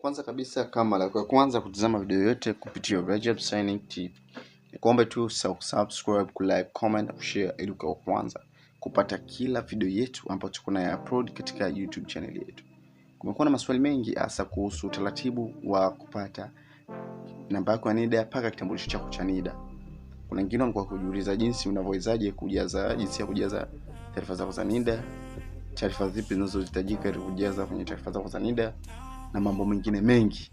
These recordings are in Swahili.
Kwanza kabisa kama la kwa kwanza kutazama video yote kupitia Rajab Synic TV. Nikuombe tu subscribe, ku like, comment na kushare ili kwa kwanza kupata kila video yetu ambayo tuko nayo upload katika YouTube channel yetu. Kumekuwa na maswali mengi hasa kuhusu utaratibu wa kupata namba yako ya NIDA mpaka kitambulisho chako cha NIDA. Kuna wengine wamekuwa kujiuliza jinsi unavyowezaje kujaza jinsi ya kujaza taarifa zako za NIDA, taarifa zipi zinazohitajika ili kujaza kwenye taarifa zako za NIDA na mambo mengine mengi.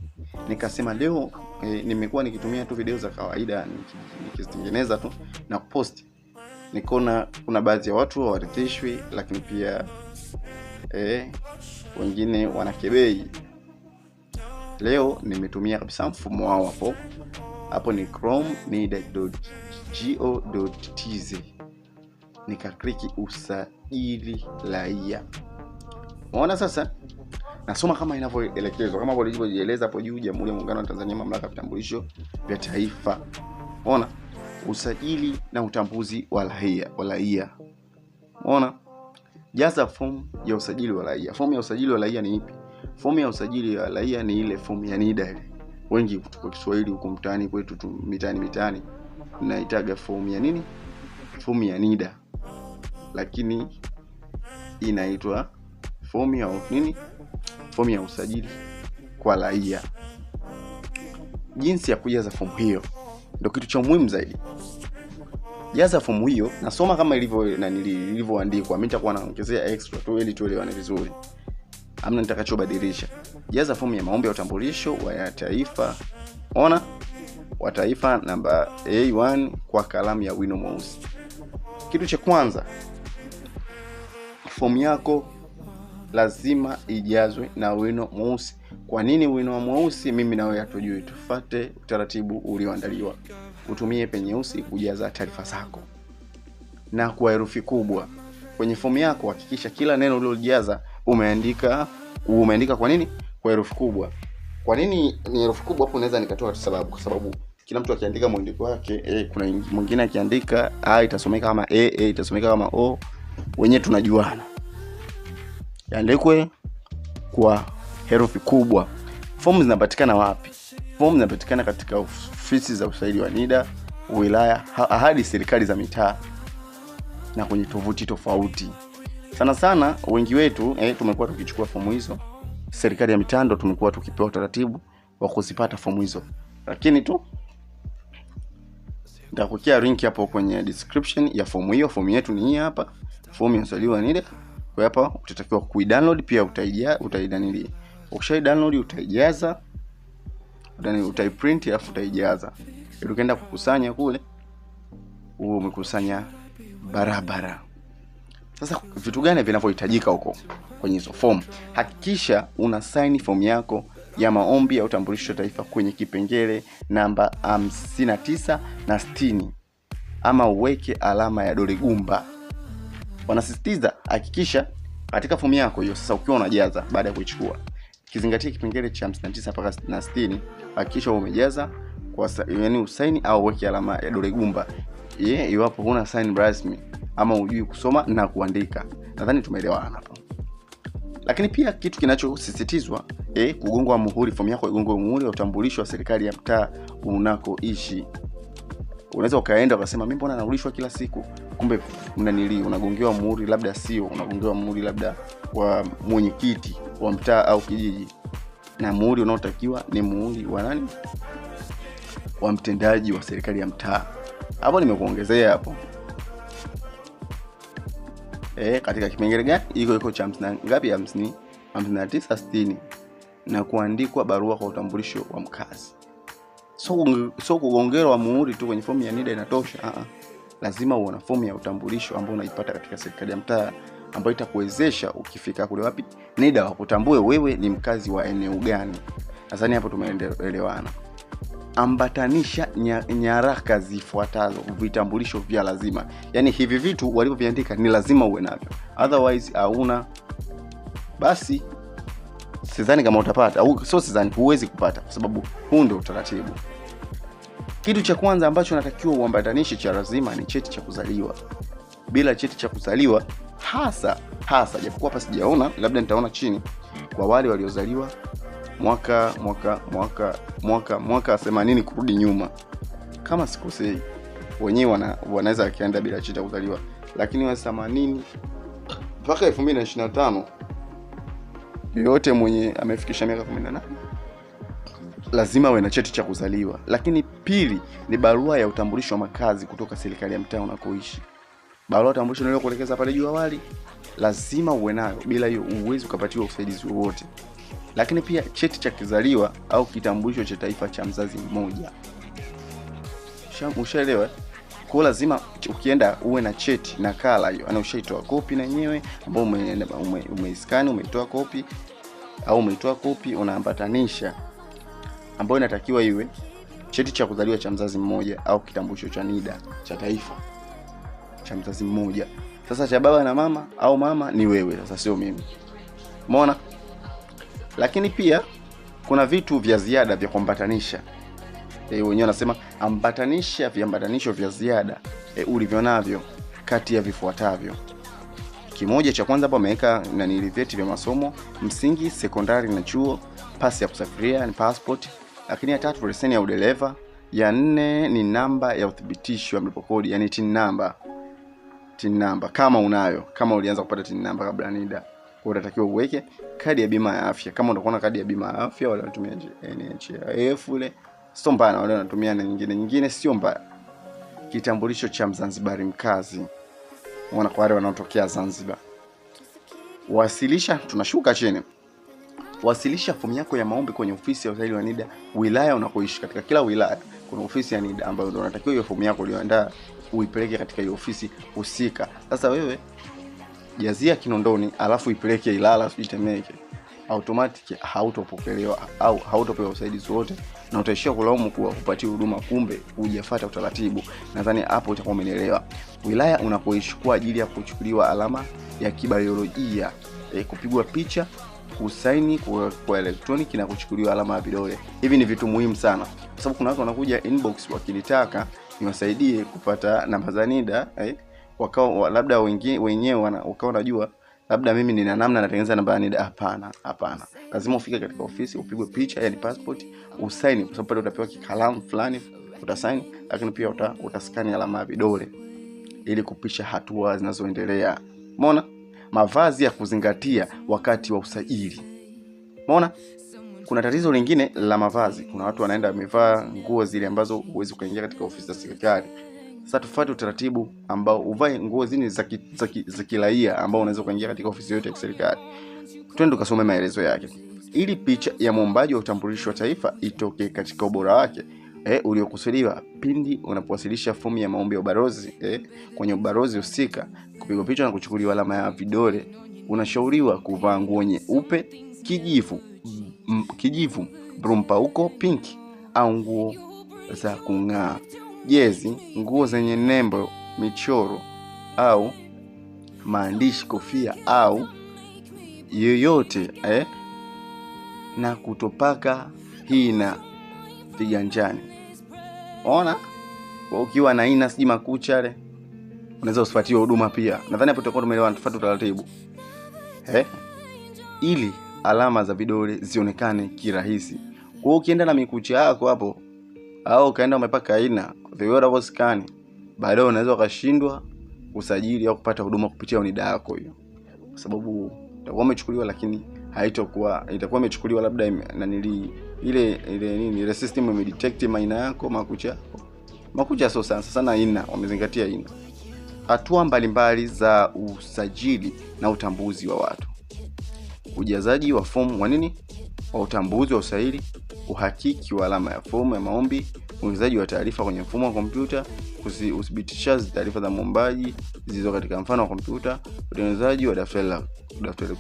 Nikasema leo eh, nimekuwa nikitumia tu video za kawaida nikizitengeneza tu na kuposti. Nikaona kuna baadhi ya watu hawaridhishwi, lakini pia eh, wengine wanakebei. Leo nimetumia kabisa mfumo wao hapo hapo, ni nidgotz nikakliki usajili raia. Unaona sasa nasoma kama inavyoelekezwa kama ilivyojieleza hapo juu, Jamhuri ya Muungano wa Tanzania, Mamlaka ya Vitambulisho vya Taifa. Ona usajili na utambuzi wa raia wa raia. Ona, jaza fomu ya usajili wa raia. Fomu ya usajili wa raia ni ipi? Fomu ya usajili wa raia ni ile fomu ya NIDA ile. Wengi kutoka Kiswahili huko mtaani kwetu tu mitaani mitaani tunaitaga fomu ya nini? Fomu ya NIDA, lakini inaitwa fomu ya nini? fomu ya usajili kwa raia. Jinsi ya kujaza fomu hiyo ndio kitu cha muhimu zaidi. Jaza fomu hiyo, nasoma kama ilivyo na nilivyoandikwa. Mimi nitakuwa naongezea extra tu ili tuelewane vizuri, amna nitakachobadilisha. Jaza fomu ya maombi ya utambulisho wa taifa, ona wa taifa namba A1 kwa kalamu ya wino mweusi. Kitu cha kwanza, fomu yako lazima ijazwe na wino mweusi. Kwa nini wino wa mweusi? Mimi nawe wewe hatujui. Tufate utaratibu ulioandaliwa, utumie peni nyeusi kujaza taarifa zako na kwa herufi kubwa. Kwenye fomu yako hakikisha kila neno ulilojaza umeandika umeandika. Kwa nini kwa herufi kubwa? Kwa nini ni herufi kubwa? Hapo naweza nikatoa sababu, kwa sababu kila mtu akiandika mwandiko wake e, kuna mwingine akiandika a itasomeka kama e, e itasomeka kama o. Wenyewe tunajuana yandikwe kwa herufi kubwa. Fomu zinapatikana wapi? Fomu zinapatikana katika ofisi za usaidi wa NIDA, wilaya, ahadi serikali za mitaa na kwenye tovuti tofauti. Sana sana wengi wetu eh, tumekuwa tukichukua fomu hizo serikali ya mitaa, ndo tumekuwa tukipewa utaratibu wa kuzipata fomu hizo, lakini tu nitakuwekea link hapo kwenye description ya fomu hiyo. Fomu yetu ni hii hapa, fomu ya usaili wa NIDA. Kwa hapa utatakiwa kuidownload pia utaija utaidanili. Ukishai download utaijaza utani utaiprint alafu utaijaza. Ili ukaenda kukusanya kule huo umekusanya barabara. Sasa vitu gani vinavyohitajika huko kwenye hizo form? Hakikisha una sign form yako ya maombi ya utambulisho taifa kwenye kipengele namba 59 um, na 60 ama uweke alama ya dole gumba wanasisitiza hakikisha katika fomu yako hiyo sasa ukiwa unajaza baada ya kuichukua kizingatia kipengele cha 59 mpaka 60 hakikisha umejaza kwa yani usaini au weke alama ya dole gumba ye iwapo huna sign rasmi ama ujui kusoma na kuandika nadhani tumeelewana hapo lakini pia kitu kinachosisitizwa eh, kugongwa muhuri fomu yako igongwe muhuri ya utambulisho wa serikali ya mtaa unakoishi unaweza ukaenda ukasema mi mbona naulishwa kila siku kumbe mnanili unagongewa muhuri labda sio unagongewa muhuri labda wa mwenyekiti wa mtaa au kijiji na muhuri unaotakiwa ni muhuri wa nani wa mtendaji wa serikali ya mtaa hapo nimekuongezea hapo e, katika kipengele gani iko iko cha ngapi hamsini hamsini na tisa sitini na kuandikwa barua kwa utambulisho wa mkazi so, so kugongerwa muhuri tu kwenye fomu ya NIDA inatosha. Aa, ah, ah. lazima uona fomu ya utambulisho ambao unaipata katika serikali ya mtaa ambayo itakuwezesha ukifika kule wapi NIDA wakutambue wewe ni mkazi wa eneo gani. Nadhani hapo tumeelewana. Ambatanisha nyaraka zifuatazo, vitambulisho vya lazima. Yaani hivi vitu walivyoviandika ni lazima uwe navyo, otherwise hauna basi sidhani kama utapata au sio, sidhani, huwezi kupata kwa sababu huu ndio utaratibu. Kitu cha kwanza ambacho natakiwa uambatanishe cha lazima ni cheti cha kuzaliwa. Bila cheti cha kuzaliwa hasa hasa, japokuwa hapa sijaona, labda nitaona chini, kwa wale waliozaliwa mwaka mwaka mwaka mwaka mwaka 80 kurudi nyuma, kama sikosei, wenyewe wana, wanaweza wakaenda bila cheti cha kuzaliwa, lakini wa 80 mpaka 2025 yoyote mwenye amefikisha miaka 18 lazima awe na cheti cha kuzaliwa, lakini pili ni barua ya utambulisho wa makazi kutoka serikali ya mtaa unakoishi. Barua ya utambulisho kuelekeza pale juu awali lazima uwe nayo, bila hiyo uwezi ukapatiwa usaidizi wowote. Lakini pia cheti cha kizaliwa au kitambulisho cha taifa cha mzazi mmoja. Ushaelewa? Kwa lazima ukienda uwe na cheti na kala hiyo, ana yaani ushaitoa kopi na yenyewe ambao umeiskani ume, umeitoa kopi au umeitoa kopi unaambatanisha, ambayo inatakiwa iwe cheti cha kuzaliwa cha mzazi mmoja au kitambulisho cha NIDA cha taifa cha mzazi mmoja. Sasa cha baba na mama au mama ni wewe, sasa sio mimi. Umeona? Lakini pia kuna vitu vya ziada vya kuambatanisha e, wenyewe anasema ambatanisha viambatanisho vya ziada e, ulivyonavyo kati ya vifuatavyo kimoja cha kwanza hapo ameweka nanili vyeti vya masomo msingi sekondari na chuo pasi ya kusafiria ni passport lakini ya tatu leseni ya udereva ya nne ni namba ya uthibitisho ya mlipo kodi yani tin namba tin namba kama unayo kama ulianza kupata tin namba kabla nida kwa utatakiwa uweke kadi ya bima ya afya kama unakuwa na kadi ya bima ya afya wala unatumia NHIF ule sio mbaya na wale wanatumia na nyingine nyingine, sio mbaya. Kitambulisho cha Mzanzibari mkazi, unaona, kwa wale wanaotokea Zanzibar. Wasilisha, tunashuka chini. Wasilisha fomu yako ya maombi kwenye ofisi ya usaili wa NIDA wilaya unakoishi. Katika kila wilaya kuna ofisi ya NIDA ambayo ndio unatakiwa hiyo fomu yako uliyoandaa uipeleke katika hiyo ofisi husika. Sasa wewe jazia Kinondoni alafu ipeleke Ilala, sijui automatic hautopokelewa au hautopewa usaidizi wote na utaishia kulaumu kuwa kupatia huduma, kumbe hujafuata utaratibu. Nadhani hapo utakuwa umenielewa. Wilaya unapoishi ajili ya kuchukuliwa alama ya kibaiolojia e, eh, kupigwa picha kusaini kwa, kwa elektroniki na kuchukuliwa alama ya vidole. Hivi ni vitu muhimu sana, kwa sababu kuna watu wanakuja inbox wakinitaka niwasaidie kupata namba za NIDA eh, wakawa labda wenyewe wakawa wanajua labda mimi nina namna natengeneza namba ya NIDA. Hapana, hapana, lazima ufike katika ofisi upigwe picha, yani passport, usaini, kwa sababu pale utapewa kikalamu fulani utasaini, lakini pia uta, utaskani alama ya vidole ili kupisha hatua zinazoendelea. Umeona? Mavazi ya kuzingatia wakati wa usajili. Umeona? Kuna tatizo lingine la mavazi. Kuna watu wanaenda wamevaa nguo zile ambazo huwezi kuingia katika ofisi za serikali. Sasa tufuate utaratibu ambao uvae nguo zini za kiraia ambao unaweza kuingia katika ofisi yote ya serikali. Twende tukasome maelezo yake ili picha ya mwombaji wa utambulisho wa taifa itoke katika ubora wake eh, uliokusudiwa pindi unapowasilisha fomu ya maombi ya ubalozi eh, kwenye ubalozi husika, kupigwa picha na kuchukuliwa alama ya vidole. Unashauriwa kuvaa nguo nyeupe, kijivu, kijivu, brumpa huko pinki au nguo za kung'aa jezi, nguo zenye nembo, michoro au maandishi, kofia au yoyote eh, na kutopaka hina viganjani. Ona ukiwa na hina sijui makucha le, unaweza usipatiwe huduma pia. Nadhani hapo tutakuwa tumeelewana, tufuate utaratibu eh, ili alama za vidole zionekane kirahisi. Kwa hiyo ukienda na mikucha yako hapo au ukaenda umepaka hina, viwera hapo skani, baadaye unaweza ukashindwa usajili au kupata huduma kupitia unida yako hiyo, kwa sababu itakuwa umechukuliwa lakini haitakuwa itakuwa imechukuliwa labda nanili ile ile nini ile system imedetect maina yako makucha yako makucha, sio sana sana, ina wamezingatia ina hatua mbalimbali za usajili na utambuzi wa watu, ujazaji wa fomu wa nini wa utambuzi wa usaili, uhakiki wa alama ya fomu ya maombi uingizaji wa taarifa kwenye mfumo wa kompyuta, kuthibitisha taarifa za mwombaji zilizo katika mfano wa kompyuta, utengenezaji wa daftari la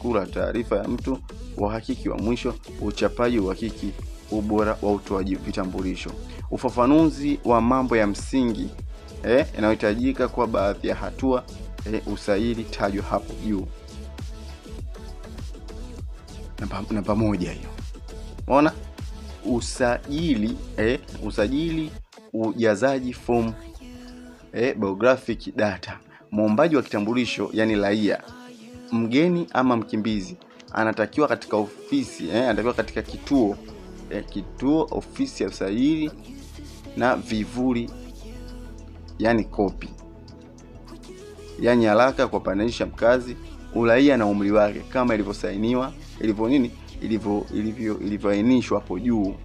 kuu la taarifa ya mtu, uhakiki wa mwisho, uchapaji, uhakiki ubora wa utoaji vitambulisho, ufafanuzi wa mambo ya msingi eh, yanayohitajika eh, kwa baadhi ya hatua eh, usaili tajwa hapo juu na pamoja hiyo, unaona usajili eh, usajili ujazaji form eh, biographic data. Muombaji wa kitambulisho yani raia mgeni ama mkimbizi anatakiwa katika ofisi eh, anatakiwa katika kituo eh, kituo ofisi ya usajili na vivuli yani kopi yani haraka kwa pananisha mkazi, uraia na umri wake kama ilivyosainiwa ilivyo nini ilivyoainishwa hapo juu,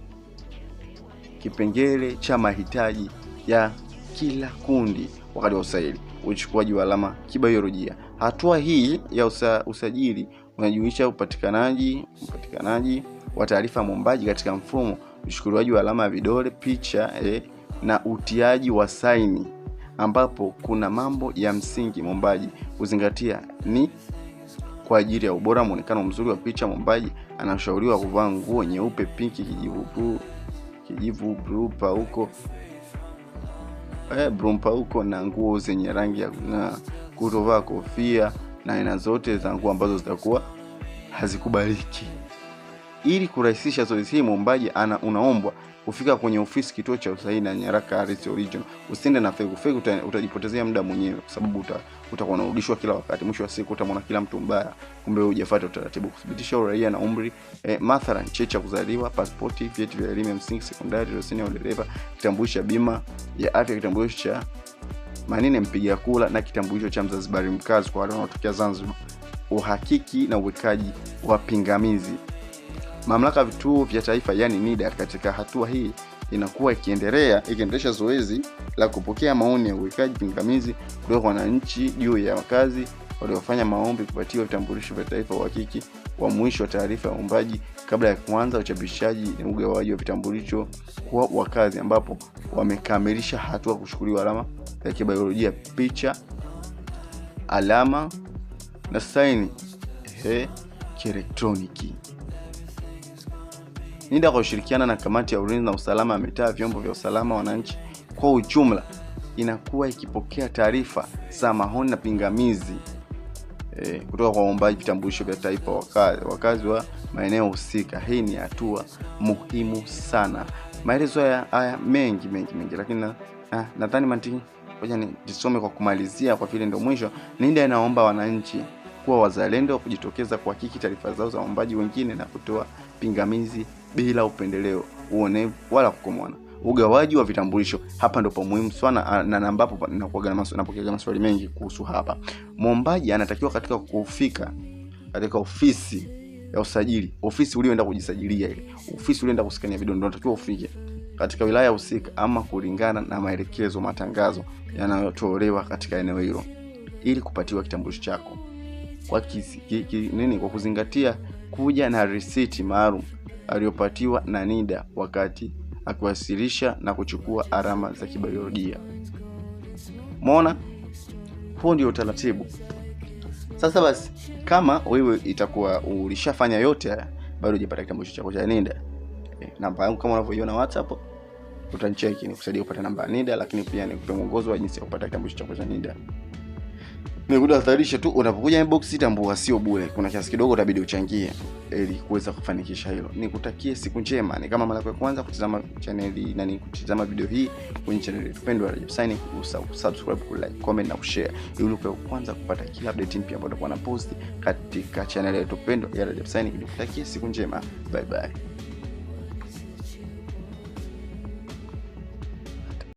kipengele cha mahitaji ya kila kundi wakati wa usaili, uchukuaji wa alama kibayolojia. Hatua hii ya usa, usajili unajumuisha upatikanaji upatikanaji wa taarifa mombaji katika mfumo, uchukuliwaji wa alama ya vidole, picha eh, na utiaji wa saini, ambapo kuna mambo ya msingi mombaji kuzingatia ni kwa ajili ya ubora muonekano mzuri wa picha, mwombaji anashauriwa kuvaa nguo nyeupe, pinki, kijivu bluu, kijivu eh, bluu huko na nguo zenye rangi ya kung'aa, kutovaa kofia na aina zote za nguo ambazo zitakuwa hazikubaliki. Ili kurahisisha zoezi hili, mwombaji ana unaombwa kufika kwenye ofisi kituo cha usahihi na nyaraka ardhi original. Usiende na fake fake, uta, utajipotezea muda mwenyewe, kwa sababu uta, utakuwa unarudishwa kila wakati. Mwisho wa siku utamwona kila mtu mbaya, kumbe wewe hujafuata utaratibu. Kuthibitisha uraia na umri e, mathalan cheti cha kuzaliwa, pasipoti, vyeti vya elimu ya msingi, sekondari, leseni ya udereva, kitambulisho cha bima ya afya, kitambulisho cha manine mpiga kula na kitambulisho cha Mzanzibari mkazi kwa wale wanaotokea Zanzibar. Uhakiki na uwekaji wa pingamizi Mamlaka ya vituo vya taifa yani NIDA katika hatua hii inakuwa ikiendelea ikiendesha zoezi la kupokea maoni ya uwekaji pingamizi kutoka kwa wananchi juu ya wakazi waliofanya maombi kupatiwa vitambulisho vya taifa, uhakiki wa mwisho wa taarifa ya uumbaji kabla ya kuanza uchapishaji na ugawaji wa vitambulisho kwa wakazi, ambapo wamekamilisha hatua kuchukuliwa alama za kibiolojia, picha, alama na saini kielektroniki. NIDA kwa kushirikiana na kamati ya ulinzi na usalama ya mitaa, vyombo vya usalama, wananchi kwa ujumla, inakuwa ikipokea taarifa za maoni na pingamizi e, kutoka kwa waombaji vitambulisho vya taifa, wakazi, wakazi wa maeneo husika. Hii ni hatua muhimu sana. Maelezo haya haya mengi mengi mengi, lakini na, na, nadhani mantiki ngoja nisome kwa kumalizia, kwa vile ndio mwisho. NIDA inaomba wananchi kuwa wazalendo, kujitokeza kuhakiki taarifa zao za waombaji wengine na kutoa pingamizi bila upendeleo uonevu wala kukomona Ugawaji wa vitambulisho hapa ndipo muhimu sana na ambapo napokeaga maswali mengi kuhusu hapa. Mwombaji anatakiwa katika kufika katika ofisi ya usajili, ofisi ulioenda kujisajilia, ile ofisi ulioenda kusikania vidondo unatakiwa ufike katika wilaya husika ama kulingana na maelekezo matangazo yanayotolewa katika eneo hilo ili kupatiwa kitambulisho chako kwa kisi, ki, ki, nini kwa kuzingatia kuja na risiti maalum aliyopatiwa na NIDA wakati akiwasilisha na kuchukua alama za kibiolojia. Mona, huo ndio utaratibu. Sasa basi, kama wewe itakuwa ulishafanya yote haya bado hujapata kitambulisho chako cha NIDA e, namba yangu kama unavyoiona WhatsApp utanicheki, nikusaidia kupata namba ya NIDA, lakini pia nikupe mwongozo wa jinsi ya kupata kitambulisho chako cha NIDA nimekuja kutahadharisha tu, unapokuja inbox tambua sio bure, kuna kiasi kidogo utabidi uchangie ili kuweza kufanikisha hilo. Nikutakie siku njema. Ni kama mara ya kwanza kutizama channel hii na nikutizama video hii kwenye channel yetu pendwa Rajab Synic, usahau ku like, comment na kushare ili uwe kwanza kupata kila update mpya ambayo tutakuwa na post katika channel yetu pendwa ya Rajab Synic. Nikutakie siku njema, bye bye.